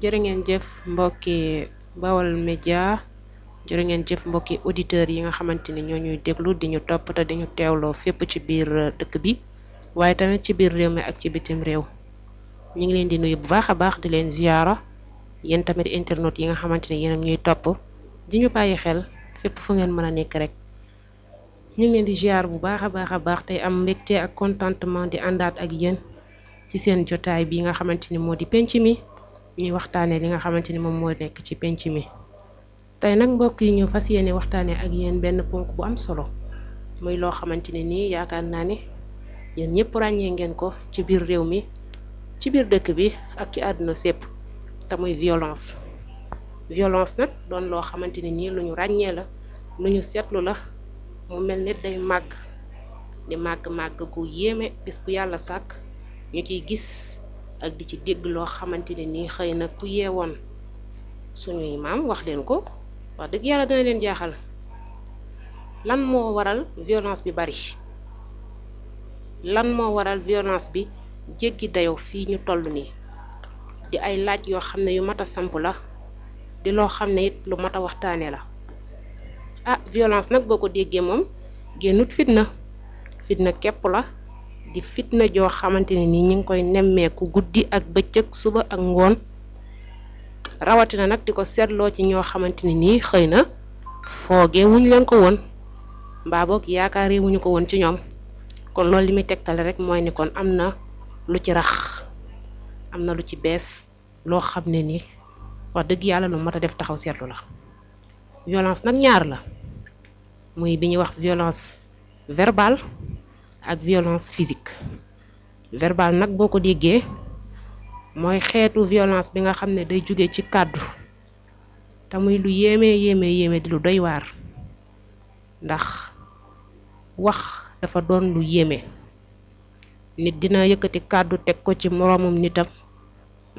jërë ngeen jëf mbokki bawal Média jërë ngeen jëf mbokki auditeurs yi nga xamante ni ñoo ñuy déglu di ñu topp te di ñu teewloo fépp ci biir euh, dëkk bi waaye tamit ci biir réew mi ak ci bitim réew ñu ngi leen di nuyu bu baax a baax di leen ziyaara yéen tamit internet yi nga xamante ni yéen ñuy topp di ñu bàyyi xel fépp fu ngeen mën a nekk rek. ñu ngi leen di ziar bu baax a baax a baax tey am mbégte ak contentement di àndaat ak yéen ci seen jotaay bi nga xamante ni moo di penc mi. ñuy waxtaane li nga xamante ni moom moo nekk ci penc mi tey nag mbokk yi ñu fas yéene waxtaane ak yéen benn ponk bu am solo muy loo xamante ni nii yaakaar naa ni yéen ñëpp ràññee ngeen ko ci biir réew mi ci biir dëkk bi ak ci àdduna sépp te muy violence violence nag doon loo xamante ni nii lu ñu ràññee la lu ñu seetlu la mu mel ne day màgg di màgg màgg gu yéeme bis bu yàlla sàkk ñu ciy gis ak di ci dégg loo xamante ne nii xëy na ku yeewoon suñuy maam wax leen ko wax dëgg yàlla dana leen jaaxal lan moo waral violence bi bari lan moo waral violence bi jéggi dayow fii ñu toll nii di ay laaj yoo xam ne yu mat a samp la di loo xam ne it lu mat a waxtaane la ah violence nag boo ko déggee moom génnut fitna fitna képp la di fitna joo xamante ne ni ñu ngi koy nemmeeku guddi ak bëccëg suba ak ngoon rawatina nag di ko seetloo ci ñoo xamante ne nii xëy na foogee wuñ leen ko woon mbaa boog yaakaar yi wuñu ko woon ci ñoom kon loolu li muy tegtale rek mooy ni kon am na lu ci rax am na lu ci bees loo xam ne nii wax dëgg yàlla lu mat a def taxaw seetlu la violence nag ñaar la muy bi ñuy wax violence verbale ak violence physique verbal nak boo ko moy mooy violence bi nga xamné ne day juggé ci cadre ta muy lu yéeme yéeme yéeme di lu doy waar ndax wax dafa doon lu yéeme nit dina yëkëti cadre tek ko ci moromum nitam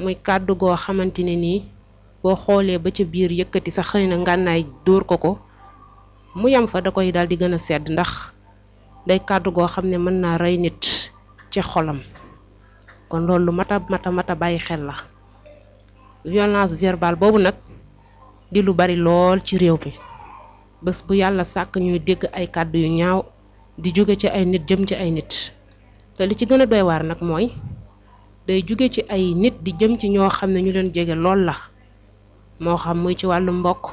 muy cadre go xamante ni bo xolé ba ci biir yëkëti sa xeyna ngannaay door ko ko mu yam fa da koy dal di sedd ndax day kàddu goo xam ne mën naa rey nit ci xolam kon loolu lu mat a mat a mat a bàyyi xel la violence verbale boobu nag di lu bari lool ci réew mi bés bu yàlla sàkk ñuy dégg ay kàddu yu ñaaw di jóge ci ay nit jëm ci ay nit te li ci gën a doy waar nag mooy day jóge ci ay nit di jëm ci ñoo xam ne ñu leen jege lool la moo xam muy ci wàllu mbokk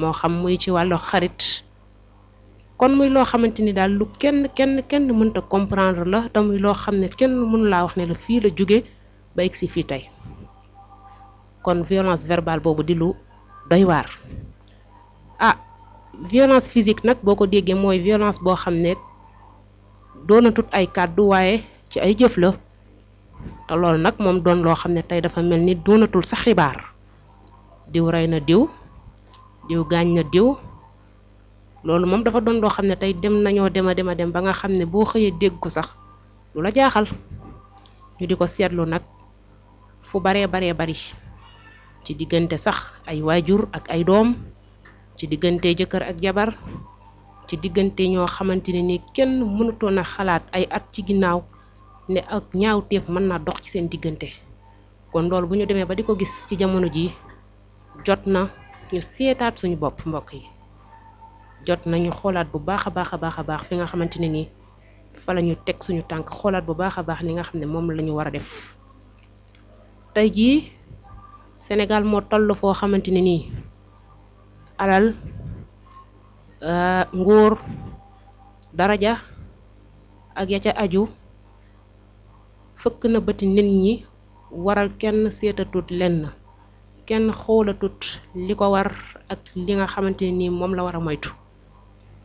moo xam muy ci wàllu xarit kon muy loo xamante ni daal lu kenn kenn kenn mënta comprendre la te muy loo xam ne kenn mënu laa wax ne la fii la jóge ba egg si fii tey kon violence verbale boobu di lu doy waar ah violence physique nag boo ko déggee mooy violence boo xam ne doonatul ay kàddu waaye ci ay jëf la te loolu nag moom doon loo xam ne tey dafa mel ni doonatul sa xibaar diw rey na diw diw gaañ na diw loolu moom dafa doon loo xam ne tey dem nañoo dem a dem a dem ba nga xam ne boo xëyee dégg ko sax lu la jaaxal ñu di ko seetlu nag fu baree baree bari ci diggante sax ay waajur ak ay doom ci diggante jëkkër ak jabar ci diggante ñoo xamante ne ni kenn mënutoon a xalaat ay at ci ginnaaw ne ak ñaaw ñaawteef mën naa dox ci seen diggante kon loolu bu ñu demee ba di ko gis ci jamono ji jot na ñu seetaat suñu bopp mbokk yi jot nañu xoolaat bu baax a baax a baax a baax fi nga xamante ne nii fa lañu teg suñu tànk xoolaat bu baax a baax li nga xam ne moom la war a def tey jii Sénégal moo toll foo xamante ne nii alal euh, nguur daraja ak ya aju fëkk na bëti nit ñi waral kenn seetatut lenn kenn xoolatut li ko war li nga xamante ne nii moom la war a moytu.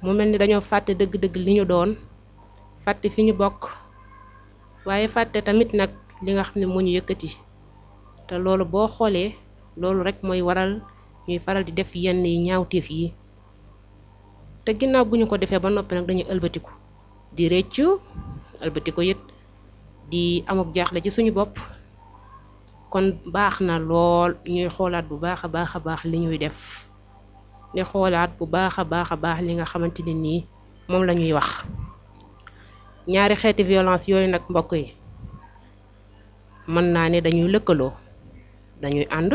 mu melni dañoo fàtte dëgg-dëgg li ñu doon fàtte fi ñu bokk waaye fàtte tamit nag li nga xam ne moo ñu yëkkati te loolu boo xoolee loolu rek mooy waral ñuy faral di def yenn yi ñaawteef yi te ginnaaw bu ñu ko defee ba noppi nag dañuy ëlbatiku di réccu ëlbatiku it di amuk jaaxle ci suñu bopp kon baax na lool ñuy xoolaat bu baax a baax a baax li ñuy def ne xoolaat bu baax a baax a baax li nga xamante ne nii moom la ñuy wax ñaari xeeti violence yooyu nag mbokk yi mën naa ne dañuy lëkkaloo dañuy ànd